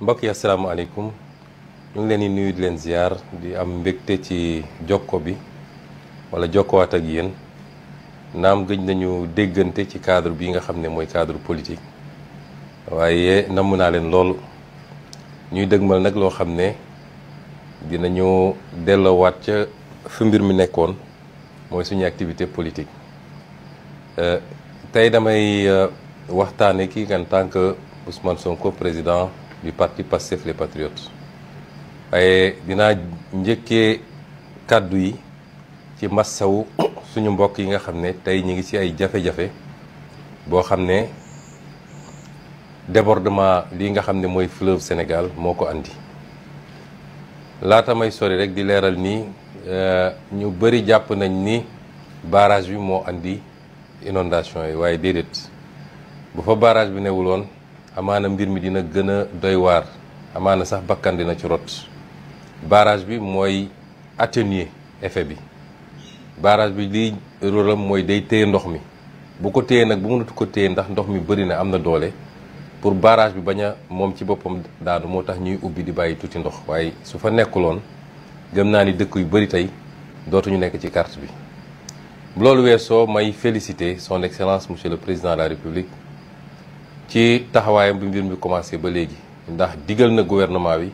mbokk yi asalaamaaleykum ñu ngi leen di nuyu di leen ziar di am mbégte ci jokko bi wala jokkowaat ak yéen naam gëj nañu déggante ci cadre bi nga xam ne mooy cadre politique waaye namm naa leen loolu ñuy dëgmal nag loo xam ne dinañu delloowaat ca fi mbir mi nekkoon mooy suñu activité politique. tey damay euh, waxtaane kii en tant que Ousmane Sonko président du parti Pastef les Patriotes waaye dinaa njëkkee kàddu yi ci massawu suñu mbokk yi nga xam ne tey ñu ngi ci ay jafe-jafe boo xam ne débordement lii nga xam ne mooy fleuve Sénégal moo ko andi laata may sori rek di leeral nii euh, ñu bëri jàpp nañ ni barrage bi moo andi inondation yi waaye déedéet bu fa barrage bi newuloon amaana mbir mi dina gën a doy waar amaana sax bakkan dina ci rot barrage bi mooy atténuer effet bi barrage bi liy rôlam mooy day téye ndox mi bu ko téye nag bu mënatu ko téye ndax ndox mi bëri na am na doole pour barrage bi bañ a moom ci boppam daanu moo tax ñuy ubbi di bàyyi tuuti ndox waaye su fa nekkuloon gëm naa ni dëkk yu bëri tey dootuñu nekk ci kart bi loolu soo may féliciter son excellence monsieur le président de la république ci taxawaayam bi mbir mi commencé ba léegi ndax digal na gouvernement bi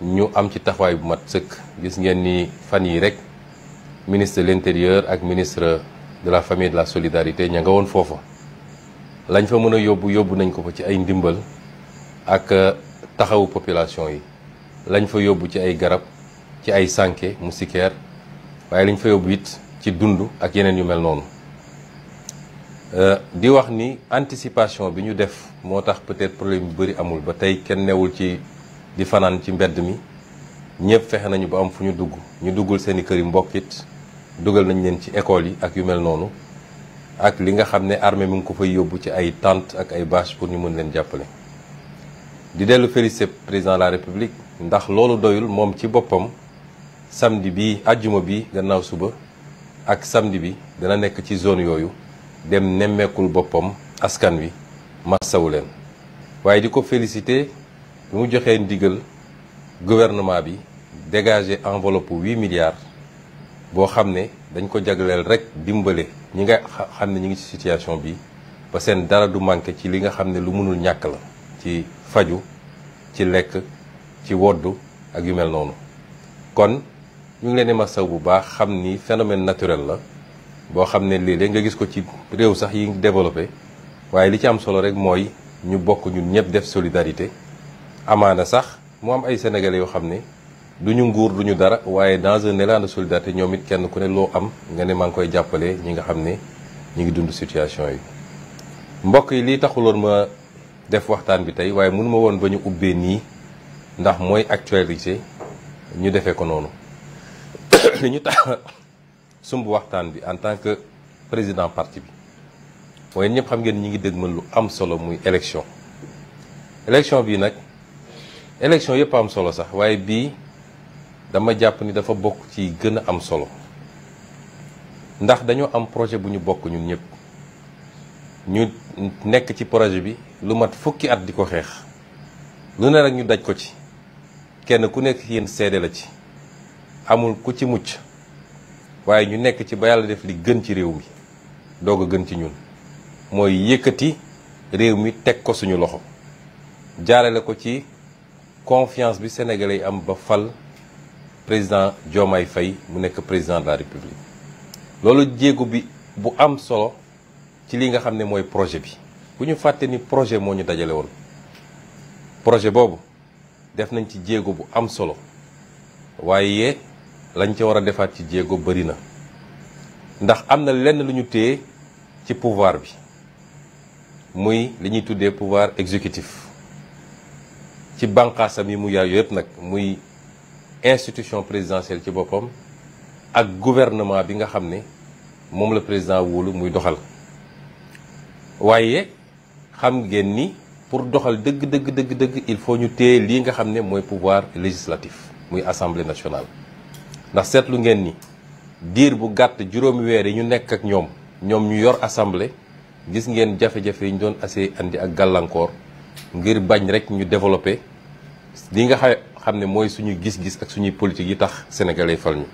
ñu am ci taxawaay bu mat sëkk gis ngeen ni fan yi rek ministre de l'intérieur ak ministre de la famille de la solidarité ña nga woon foofa lañ fa mën a yóbbu yóbbu nañ ko fa ci ay ndimbal ak euh, taxawu population yi lañ fa yóbbu ci ay garab ci ay sànke moustiquaire waaye lañ fa yóbbu it ci dund ak yeneen yu mel noonu euh, di wax ni anticipation bi ñu def moo tax peut-être problème yu bëri amul ba tey kenn newul ci di fanaan ci mbedd mi ñëpp fexe nañu ba am fu ñu dugg ñu duggul seeni kër yi mbokkit dugal nañ leen ci école yi ak yu mel noonu ak li nga xam ne armée mi ngi ko fay yóbbu ci ay tente ak ay bâche pour ñu mën leen jàppale di dellu félicité président la république ndax loolu doyul moom ci boppam samedi bi àjjuma bi gannaaw suba ak samedi bi dana nekk ci zone yooyu dem nemmeekul boppam askan wi massawu leen waaye di ko félicité bi mu joxee ndigal gouvernement bi dégagé enveloppe huit milliards boo xam ne dañ ko jagleel rek dimbale ñi nga xam ne ñi ngi ci situation bi ba seen dara du manqué ci li nga xam ne lu mënul ñàkk la ci faju ci lekk ci woddu ak yu mel noonu kon ñu ngi leen di masaw bu baax xam ni phénomène naturel la boo xam ne léeg-léeg nga gis ko ci réew sax yi développé waaye li ci am solo rek mooy ñu bokk ñu ñëpp def solidarité amaana sax moo am ay sénégalais yoo xam ne duñu nguur du ñu dara waaye dans un élan de solidarité ñoom it kenn ku ne loo am nga ne maa ngi koy jàppale ñi nga xam ne ñu ngi dund situation yi. mbokk yi lii taxuloon ma def waxtaan bi tey waaye mënu ma woon ba ñu ubbee nii ndax mooy actualité ñu defee ko noonu. li ñu tax sumb waxtaan bi en tant que président parti bi mooy ñëpp xam ngeen ñi ngi dégmal lu am solo muy élection élection bii nag élection yëpp am solo sax waaye bii dama jàpp ni dafa bokk ci gën a am solo ndax dañoo am projet bu ñu bokk ñun ñëpp ñu nekk ci projet bi lu mat fukki at di ko xeex lu ne rek ñu daj ko ci kenn ku nekk yéen seede la ci amul ku ci mucc waaye ñu nekk ci ba yàlla def li gën ci réew mi doog a gën ci ñun mooy yëkkati réew mi teg ko suñu loxo jaarale ko ci confiance bi sénégalais yi am ba fal président Diomaye Faye mu nekk président de la république loolu jéego bi bu am solo ci li nga xam ne mooy projet bi ku ñu fàtte ni projet moo ñu dajale woon projet boobu def nañ ci jéego bu am solo waaye lañ ca war a defaat ci jéego bëri na ndax am na lenn lu ñu téye ci pouvoir bi muy li ñuy tuddee pouvoir exécutif ci bànqaasam yi mu yaay yëpp nag muy institution présidentielle ci boppam ak gouvernement bi nga xam ne moom la président wóolu muy doxal waaye xam ngeen ni pour doxal dëgg dëgg dëgg dëgg il faut ñu téye lii nga xam ne mooy pouvoir législatif muy assemblée nationale ndax seetlu ngeen ni diir bu gàtt juróomi weer yi ñu nekk ak ñoom ñoom ñu yor assemblée gis ngeen jafe-jafe yi ñu doon assez indi ak gàllankoor ngir bañ rek ñu développé li nga xam ne mooy suñu gis-gis ak suñuy politique yi tax sénégalais fal ñu.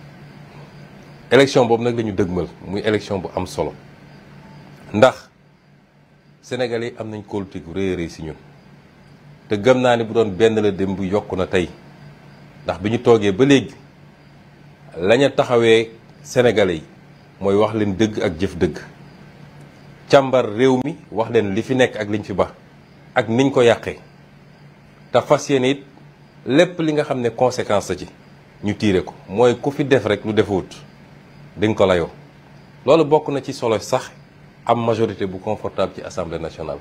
boobu nag lañu ñu dëgmal muy élection bu am solo ndax sénégalais am nañ politique réy réy si ñun te gëm naa ne bu doon benn la dem bu yokk na tey ndax bi ñu toogee ba léegi. lañu taxawee sénégalais yi mooy wax leen dëgg ak jëf dëgg càmbar réew mi wax leen li fi nekk ak liñ fi ba ak niñ ko yàqee te fas yéene it lépp li nga xam ne conséquence la ci ñu tiire ko mooy ku fi def rek lu defewut di nga ko layoo loolu bokk na ci solo sax am majorité bu confortable ci assemblée nationale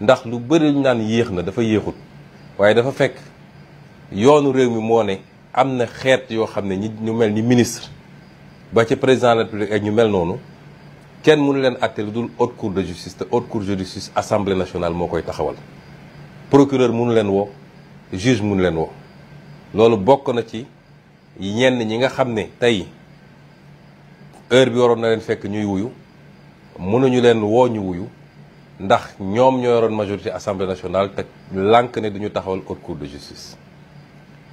ndax lu bëri lu naan yéex na dafa yéexut waaye dafa fekk yoonu réew mi moo ne am na xeet yoo xam ne ñi ñu mel ni ministre ba ci président de ak ñu mel noonu kenn mënu leen àtte lu dul haute cour de justice te haute cour de justice assemblée nationale moo koy taxawal procureur mënu leen woo juge mënu leen woo loolu bokk na ci ñenn ñi nga xam ne tey heure bi waroon na leen fekk ñuy wuyu mënuñu leen woo ñu wuyu ndax ñoom ñoo yoroon majorité assemblée nationale te lànk ne duñu taxawal haute cour de justice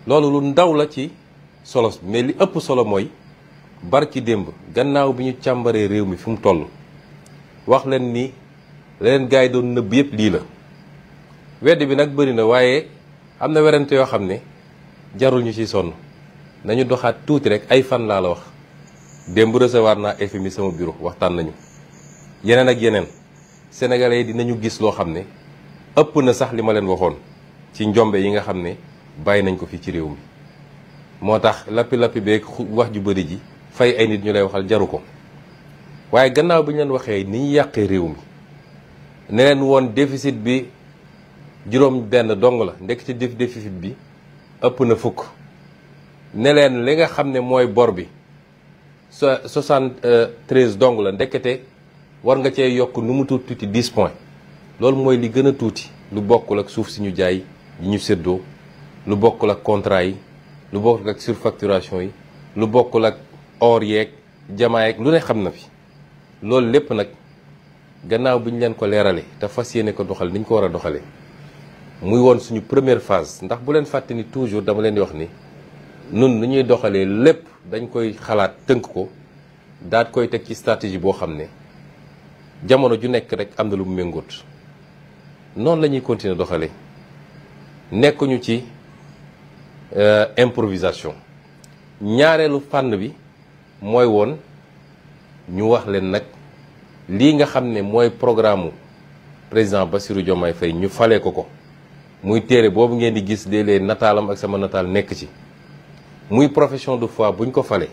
loolu lu ndaw la ci solo mais li ëpp solo mooy bar ci démb gannaaw bi ñu càmbaree réew mi fu mu toll wax leen ni leneen gars yi doon nëbb yëpp lii la weddi bi nag bëri na waaye am na werante yoo xam ne jarul ñu ci sonn nañu doxaat tuuti rek ay fan laa la wax démb recevoir naa FMI sama bureau waxtaan nañu yeneen ak yeneen sénégalais yi dinañu gis loo xam ne ëpp na sax li ma leen waxoon ci njombe yi nga xam ne bàyyi nañ ko fii ci réew mi moo tax lappi-lappi beeg wax ju bëri ji fay ay nit ñu lay waxal jaru ko waaye gannaaw bi ñu leen waxee ni ñu yàqee réew mi ne leen woon déficit bi juróom benn dong la ndekk ci def déficit bi ëpp na fukk ne li nga xam ne mooy bor bi sa soixante treize dong la ndekete war nga cee yokk nu mu tuuti tuuti point loolu mooy li gën a tuuti lu bokkul ak suuf si ñu jaay yi ñu séddoo lu bokkul ak contrat yi lu bokkul ak surfacturation yi lu bokkul ak or yeeg jamaa yeeg lu ne xam na fi loolu lépp nag gannaaw bi ñu leen ko leeralee te fas yéene ko doxal ni ñu ko war a doxalee muy woon suñu première phase ndax bu leen fàtte ni toujours dama leen di wax ni nun nu ñuy doxalee lépp dañ koy xalaat tënk ko daat koy teg ci stratégie boo xam ne jamono ju nekk rek am na lu mu méngóot noonu la ñuy continuer doxalee nekkuñu ci. Euh, improvisation ñaareelu fànn bi mooy woon ñu wax leen nag lii nga xam ne mooy programme président Bassirou Diomaye fay ñu fale ko ko muy téere boobu ngeen di gis léeg-léeg nataalam ak sama nataal nekk ci muy profession de foi buñ ko fale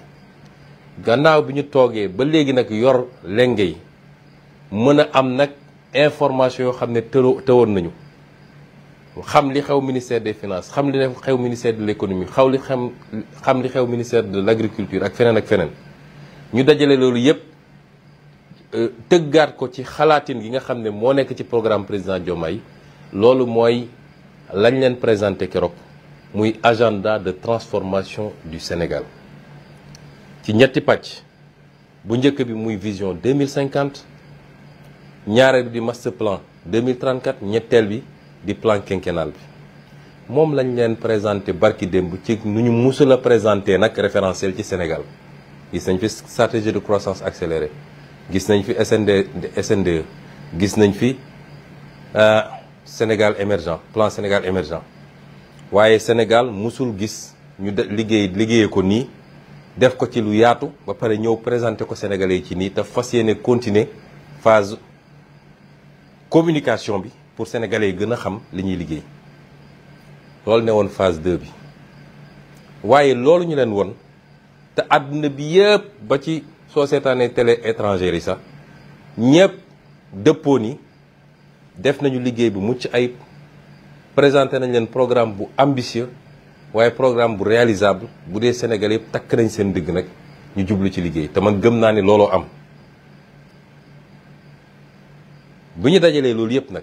gannaaw bi ñu toogee ba léegi nag yor lenge yi mën a am nag information yoo xam ne tëwoon nañu xam li xew ministère des finances xam li xew ministère de l'économie xaw li xam xam li xew ministère de l'agriculture ak feneen ak feneen ñu dajale loolu yépp euh, tëggaat ko ci xalaatin gi nga xam ne moo nekk ci programme président Diomaye loolu mooy lañ leen présenté keroog muy agenda de transformation du Sénégal ci ñetti pàcc bu njëkk bi muy vision 2050 ñaareel bi di master plan 2034 ñetteel bi di plan quinquennal bi moom lañ leen présenté barki démb ci nu ñu musul a présenté nag référentiel ci Sénégal gis nañ fi stratégie de croissance accélérée gis nañ fi SND SNDE gis nañ fi euh, Sénégal émergent plan Sénégal émergent waaye Sénégal musul gis ñu de liggéey liggéeyee ko nii def ko ci lu yaatu ba pare ñëw présenté ko Sénégalais yi ci nii te fas yéene continuer phase communication bi pour sénégalais yi gën a xam li ñuy liggéey loolu ne woon phase 2 bi waaye loolu ñu leen woon te àdduna bi yëpp ba ci soo seetaanee télé étrangère yi sax ñëpp dëppoo ni def nañu liggéey bu mucc ay présenté nañ leen programme bu ambitieux waaye programme bu réalisable bu dee Sénégal yëpp takk nañ seen digg nag ñu jublu ci liggéey te man gëm naa ni looloo am bu ñu dajalee loolu yëpp nag.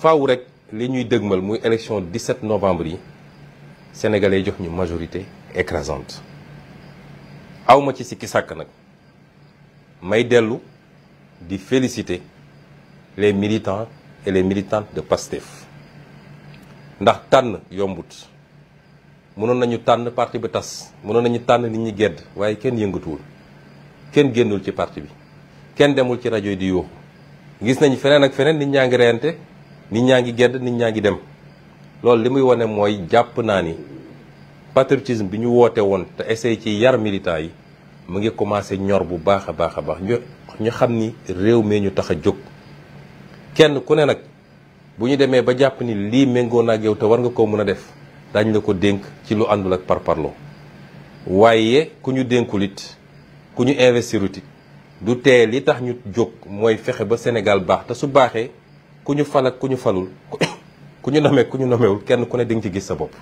faaw rek li ñuy dëgmal muy élection 17 novembre yi sénégalais jox ñu majorité écrasante awma ci sikki sàkk nag may dellu di féliciter les militants et les militantes de PASTEF ndax tànn yombut mënoon nañu tànn parti bi tas mënoon nañu tànn nit ñi gedd waaye kenn yëngatuwul kenn génnul ci parti bi kenn demul ci rajo yi di yuuxu gis nañu feneen ak feneen nit ñaa ngi reyante nit ñaa ngi gedd nit ñaa ngi dem loolu li muy wane mooy jàpp naa ni patriotisme bi ñu woote woon te essayé ci yar militant yi mu ngi commencé ñor bu baax a baax a baax ñu ñu xam ni réew mi ñu tax a jóg kenn ku ne nag bu ñu demee ba jàpp ni lii méngoo na ak yow te war nga ko mën a def dañ la ko dénk ci lu àndul ak par parparloo waaye ku ñu dénkul it ku ñu investirut du tee li tax ñu jóg mooy fexe ba Sénégal baax te su baaxee ku ñu fal ak ku ñu falul ku ñu nomee ku ñu nomewul kenn ku ne di ci gis sa bopp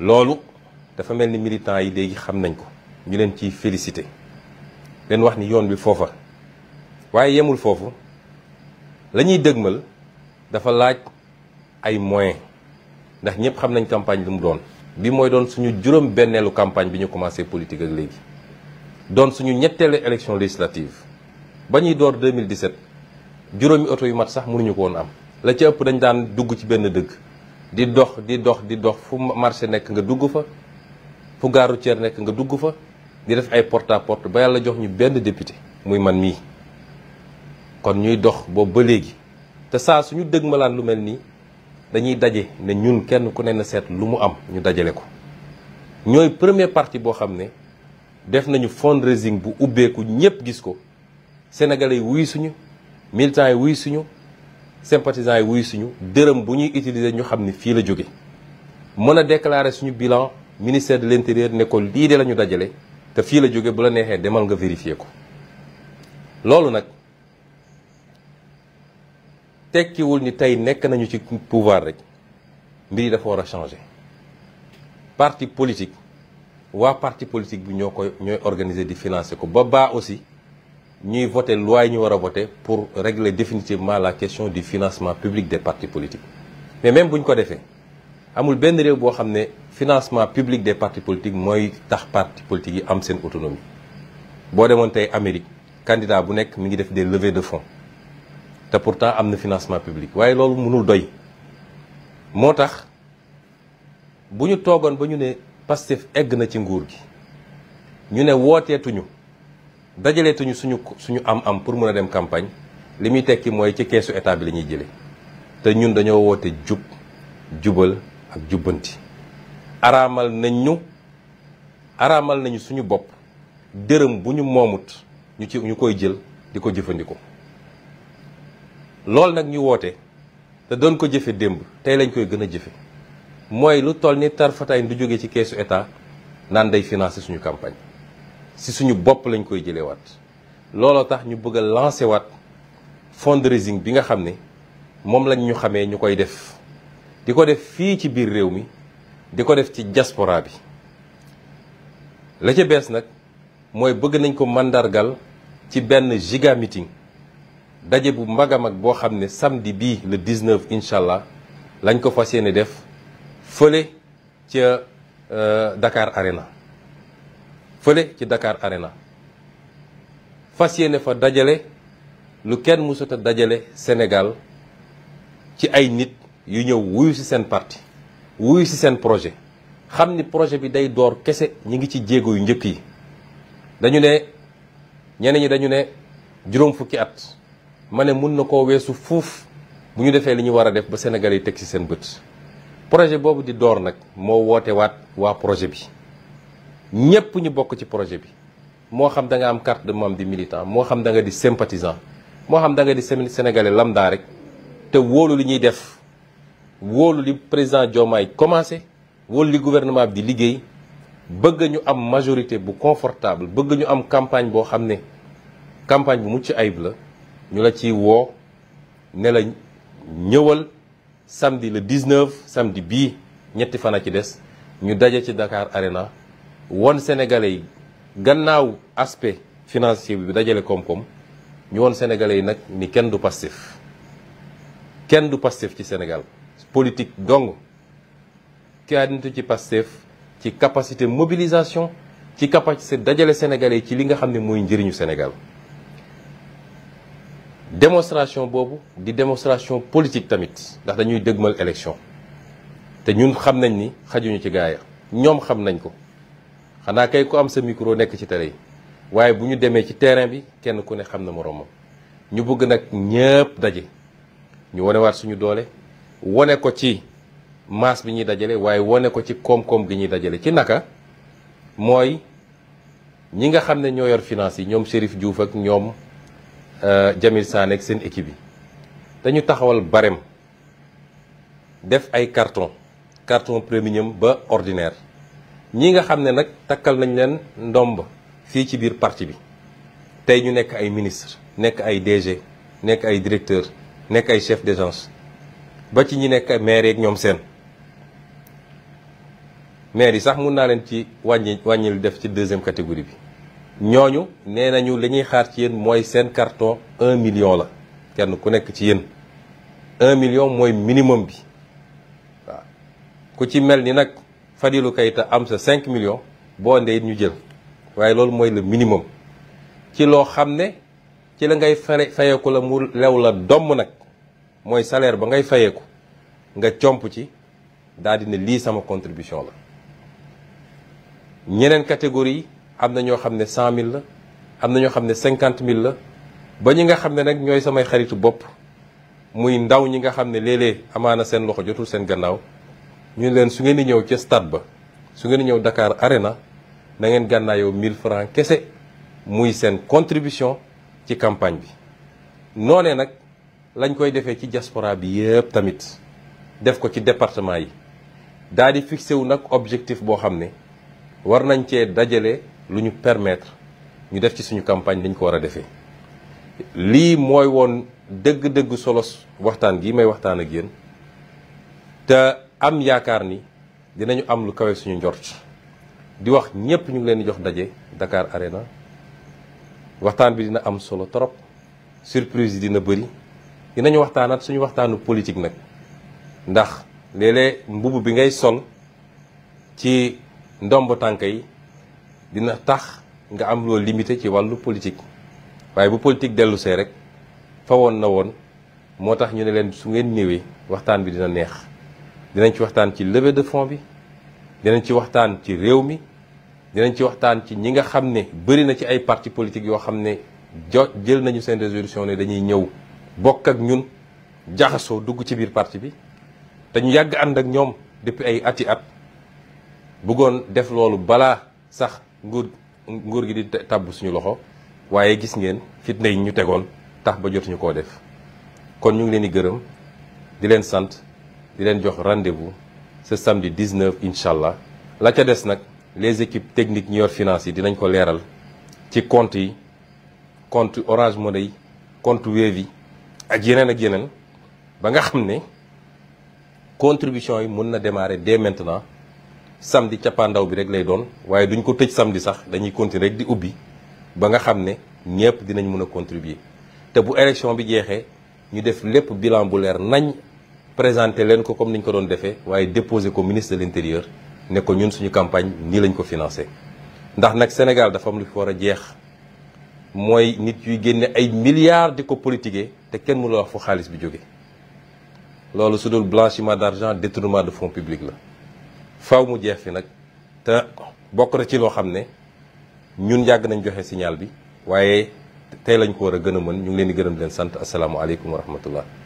loolu dafa mel ni militants yi léegi xam nañ ko ñu leen ciy félicité leen wax ni yoon bi foofa waaye yemul foofu la ñuy dëgmal dafa laaj ay moyens ndax ñëpp xam nañ campagne lu mu doon bi mooy doon suñu juróom benneelu campagne bi ñu commencé politique ak léegi doon suñu ñetteelu élection législative ba ñuy door 2017 juróomi oto yu mat sax mënuñu ko woon am la ca ëpp dañ daan dugg ci benn dëkk di dox di dox di dox fu marché nekk nga dugg fa fu gaaru routière nekk nga dugg fa di def ay porte à ba yàlla jox ñu benn député muy man mii kon ñuy dox boobu ba léegi te saa suñu dëgg malaan lu mel nii dañuy daje ne ñun kenn ku ne na seet lu mu am ñu dajale ko ñooy premier parti boo xam ne def nañu fundraising bu ubbeeku ñëpp gis ko sénégalais yi wuy suñu militants yi wuy suñu sympathisants yi wuy suñu dërëm bu ñuy utiliser ñu xam ni fii la jóge mën a déclarer suñu bilan ministère de l'intérieur ne ko lii de la ñu dajale te fii la jóge bu la neexee demal nga vérifier ko loolu nag tekkiwul ni tey nekk nañu ci pouvoir rek mbir yi dafa war a changer parti politique waa parti politique bi ñoo koy ñooy organiser di financer ko ba baa aussi ñuy voter loi yi ñu war a voter pour régler définitivement la question du financement public des partis politiques mais même bu ñu ko defee amul benn réew boo xam ne financement public des partis politiques mooy tax partis politiques yi am seen autonomie boo demoon tey Amérique candidat bu nekk mu ngi def des levées de fonds te pourtant am na financement public waaye loolu mënul doy moo tax bu ñu toogoon ba ñu ne Pastef egg na ci nguur gi ñu ne wooteetuñu dajalee dajaleetuñu suñu suñu am-am pour mën a dem campagne li muy tekki mooy ci keesu état bi lañuy jële te ñun dañoo woote jub jubal ak jubbanti. araamal nañ ñu araamal nañu suñu bopp dërëm bu ñu moomut ñu ci ñu koy jël di ko jëfandikoo loolu nag ñu woote te doon ko jëfe démb tey lañ koy gën a jëfe mooy lu toll ni tarfataay du jóge ci keesu état naan day financer suñu campagne. si suñu bopp lañ koy jëlee waat looloo tax ñu bëgg a lancé waat fundraising bi nga xam ne moom lañ ñu xamee ñu koy def di ko def fii ci biir réew mi di ko def ci jasporaa bi la ca bees nag mooy bëgg nañ ko màndargal ci benn giga meeting daje bu mag a mag boo xam ne samedi bii le 19 incha allah lañ ko fas yéene def fële ca euh, Dakar Arena fële ci Dakar Arena fas yéene fa dajale lu kenn mësut a dajale Sénégal ci ay nit yu ñëw wuyu ci seen parti wuyu ci seen projet xam ni projet bi day door kese ñi ngi ci jéego yu njëkk yi dañu ne ñeneen ñi dañu ne juróom fukki at ma ne mun na koo weesu fuuf bu ñu defee li ñu war a def ba Sénégal yi teg ci seen bët projet boobu di door nag moo woote waat waa projet bi ñépp ñu bokk ci projet bi moo xam danga am carte de membre di militant moo xam da nga di sympathisant moo xam da nga di sénégalais lambda rek te wóolu li ñuy def wóolu li président Diomaye commencé wóolu li gouvernement bi di liggéey bëgg ñu am majorité bu confortable bëgg ñu am campagne boo xam ne campagne bu mucc ayib la ñu la ci woo ne la ñëwal samedi le 19 samedi bii ñetti fan a ci des ñu daje ci Dakar Arena won sénégalais yi gannaaw aspect financier bi dajale koom-koom ñu won sénégalais yi nag ni kenn du Pastef kenn du Pastef ci Sénégal politique dong kaanitu ci Pastef ci capacité mobilisation ci capacité dajale sénégalais yi ci li nga xam ne mooy njëriñu Sénégal démonstration boobu di démonstration politique tamit ndax dañuy dëgmal élection te ñun xam nañ ni xajuñu ci gaaya ñoom xam nañ ko xanaa kay ku am sa micro nekk ci télé yi waaye bu ñu demee ci terrain bi kenn ku ne xam na moroomam ñu bëgg nag ñëpp daje ñu wanewaat suñu doole wane ko ci masse bi ñuy dajale waaye wane ko ci koom-koom gi ñuy dajale ci naka mooy ñi nga xam ne ñoo yor finance yi ñoom Chérif Diouf ak ñoom euh, Jamil Sané ak seen équipe yi dañu taxawal barème def ay carton carton premium ba ordinaire ñi nga xam ne nag takkal nañ leen ndomb fii ci biir parti bi tey ñu nekk ay ministre nekk ay DG nekk ay directeur nekk ay chef d'agence ba ci ñi nekk maire yeeg ñoom seen maire yi sax mun naa leen ci wàññi wàññi def ci deuxième catégorie bi ñooñu nee nañu li ñuy xaar ci yéen mooy seen carton un million la kenn ku nekk ci yéen un million mooy minimum bi waaw ku ci mel ni nag Fadilou Keita am sa 5 millions boo ndee ñu jël waaye loolu mooy le minimum ci loo xam ne ci la ngay fay fayeeku la mu lew la domm nag mooy salaire ba ngay fayeeku nga comp ci daal di ne lii sama contribution la ñeneen catégorie am na ñoo xam ne 100000 la am na ñoo xam ne 50000 la ba ñi nga xam ne nag ñooy samay xaritu bopp muy ndaw ñi nga xam ne léeg-léeg amaana seen loxo jotul seen gannaaw. ñu leen su ngeen di ñëw ca stade ba su ngeen ñëw Dakar Arena na ngeen gànnaayoo mille francs kese muy seen contribution ci campagne bi. noone nag lañ koy defee ci diaspora bi yëpp tamit def ko ci département yi daadi di fixé wu nag objectif boo xam ne war nañ cee dajale lu ñu permettre ñu def ci suñu campagne lañ ko war a defee. lii mooy woon dëgg-dëgg solos waxtaan gi may waxtaan ak yéen am yaakaar ni dinañu am lu kawe suñu njort di wax ñëpp ñu ngi leen di jox daje Dakar Arena waxtaan bi dina am solo trop surprise yi dina bëri dinañu waxtaanaat suñu waxtaanu politique nag ndax léeg mbubb bi ngay sol ci ndomb tànk yi dina tax nga am loo limité ci wàllu politique waaye bu politique dellu see rek fawoon na woon moo tax ñu ne leen su ngeen ñëwee waxtaan bi dina neex dinañ ci waxtaan ci leve de fonds bi dinañ ci waxtaan ci réew mi dinañ ci waxtaan ci ñi nga xam ne bëri na ci ay parti politique yoo xam ne jo jël nañu seen résolution ne dañuy ñëw bokk ak ñun jaxasoo dugg ci biir parti bi dañu yàgg ànd ak ñoom depuis ay ati at bëggoon def loolu balaa sax nguur nguur gi di tàbb suñu loxo waaye gis ngeen fitna yi ñu tegoon tax ba jotuñu koo def kon ñu ngi leen di gërëm di leen sant di leen jox rendez-vous ce samedi 19 incha allah la ca des nag les équipes techniques ñu yor finance yi dinañ ko leeral ci compte yi compte Orange Money yi compte ak yeneen ak yeneen ba nga xam ne contribution yi mën na démarrer dès maintenant samedi cappaandaw bi rek lay doon waaye duñ ko tëj samedi sax dañuy continuer rek di ubbi ba nga xam ne ñëpp dinañ mën a contribuer te bu élection bi jeexee ñu def lépp bilan bu leer nañ présenté leen ko comme ni ñu ko doon defee waaye déposé ko ministre de l' intérieur ne ko ñun suñu campagne nii lañ ko financé ndax nag Sénégal dafa am lu fi war a jeex mooy nit yuy génne ay milliards di ko politiquer te kenn mënul wax fu xaalis bi jóge loolu su dul blanchiment d' argent détournement de fonds publics la faw mu jeex fi nag te bokk na ci loo xam ne ñun yàgg nañ joxe signal bi waaye tey lañ ko war a gën a mën ñu ngi leen di gërëm leen sant asalaamualeykum wa rahmatullah